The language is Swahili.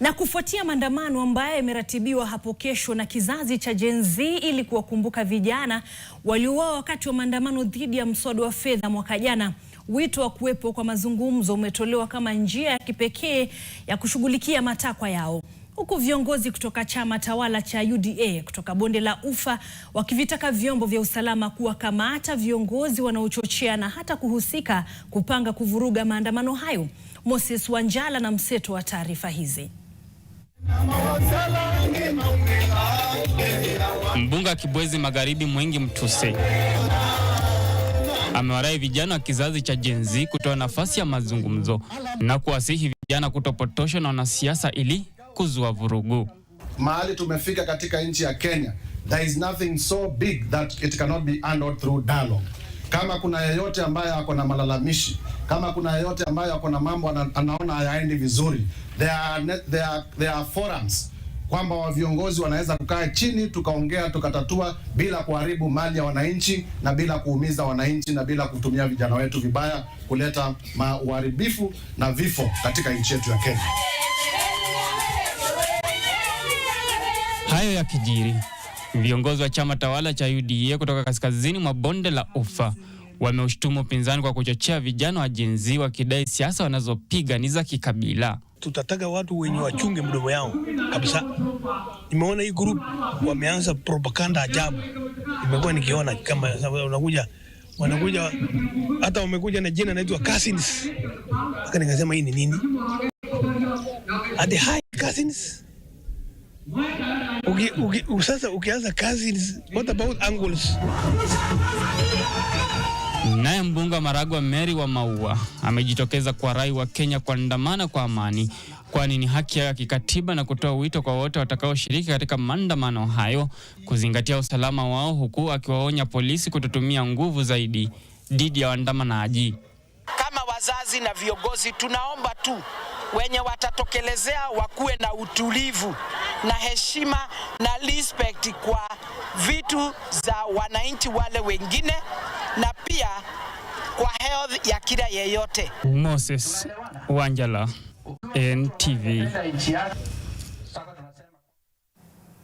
Na kufuatia maandamano ambayo yameratibiwa hapo kesho na kizazi cha Gen Z ili kuwakumbuka vijana waliouawa wakati wa maandamano dhidi ya mswada wa fedha mwaka jana, wito wa kuwepo kwa mazungumzo umetolewa kama njia ya kipekee ya kushughulikia matakwa yao, huku viongozi kutoka chama tawala cha UDA kutoka bonde la Ufa wakivitaka vyombo vya usalama kuwakamata viongozi wanaochochea na hata kuhusika kupanga kuvuruga maandamano hayo. Moses Wanjala na mseto wa taarifa hizi. Mbunge wa Kibwezi Magharibi Mwengi Mtuse amewarai vijana wa kizazi cha Gen Z kutoa nafasi ya mazungumzo na kuwasihi vijana kutopotoshwa na wanasiasa ili kuzua vurugu. Mahali tumefika katika nchi ya Kenya, there is nothing so big that it cannot be handled through dialogue. Kama kuna yeyote ambaye ako na malalamishi, kama kuna yeyote ambaye ako na mambo anaona hayaendi vizuri, there are, there are, there are forums kwamba wa viongozi wanaweza kukaa chini tukaongea tukatatua bila kuharibu mali ya wananchi na bila kuumiza wananchi na bila kutumia vijana wetu vibaya kuleta uharibifu na vifo katika nchi yetu ya Kenya. Hayo yakijiri Viongozi wa chama tawala cha UDA kutoka kaskazini mwa bonde la Ufa wameushtumu upinzani kwa kuchochea vijana wa Gen wakidai siasa wanazopiga ni za kikabila. Tutataka watu wenye wachunge mdomo yao kabisa. Nimeona hii group wameanza propaganda ajabu, nimekuwa nikiona kama unakuja wanakuja hata wamekuja na jina naitwa Cousins, aka nikasema hii ni nini? Are they high Cousins? sasa ukianza kazi, what about angles? Naye mbunge wa Maragwa Mary wa Maua amejitokeza kwa rai wa Kenya kuandamana kwa amani, kwani ni haki yao ya kikatiba na kutoa wito kwa wote watakaoshiriki katika maandamano hayo kuzingatia usalama wao, huku akiwaonya polisi kutotumia nguvu zaidi dhidi ya waandamanaji. Kama wazazi na viongozi, tunaomba tu wenye watatokelezea wakuwe na utulivu na heshima na respect kwa vitu za wananchi wale wengine na pia kwa health ya kila yeyote. Moses Wanjala, NTV.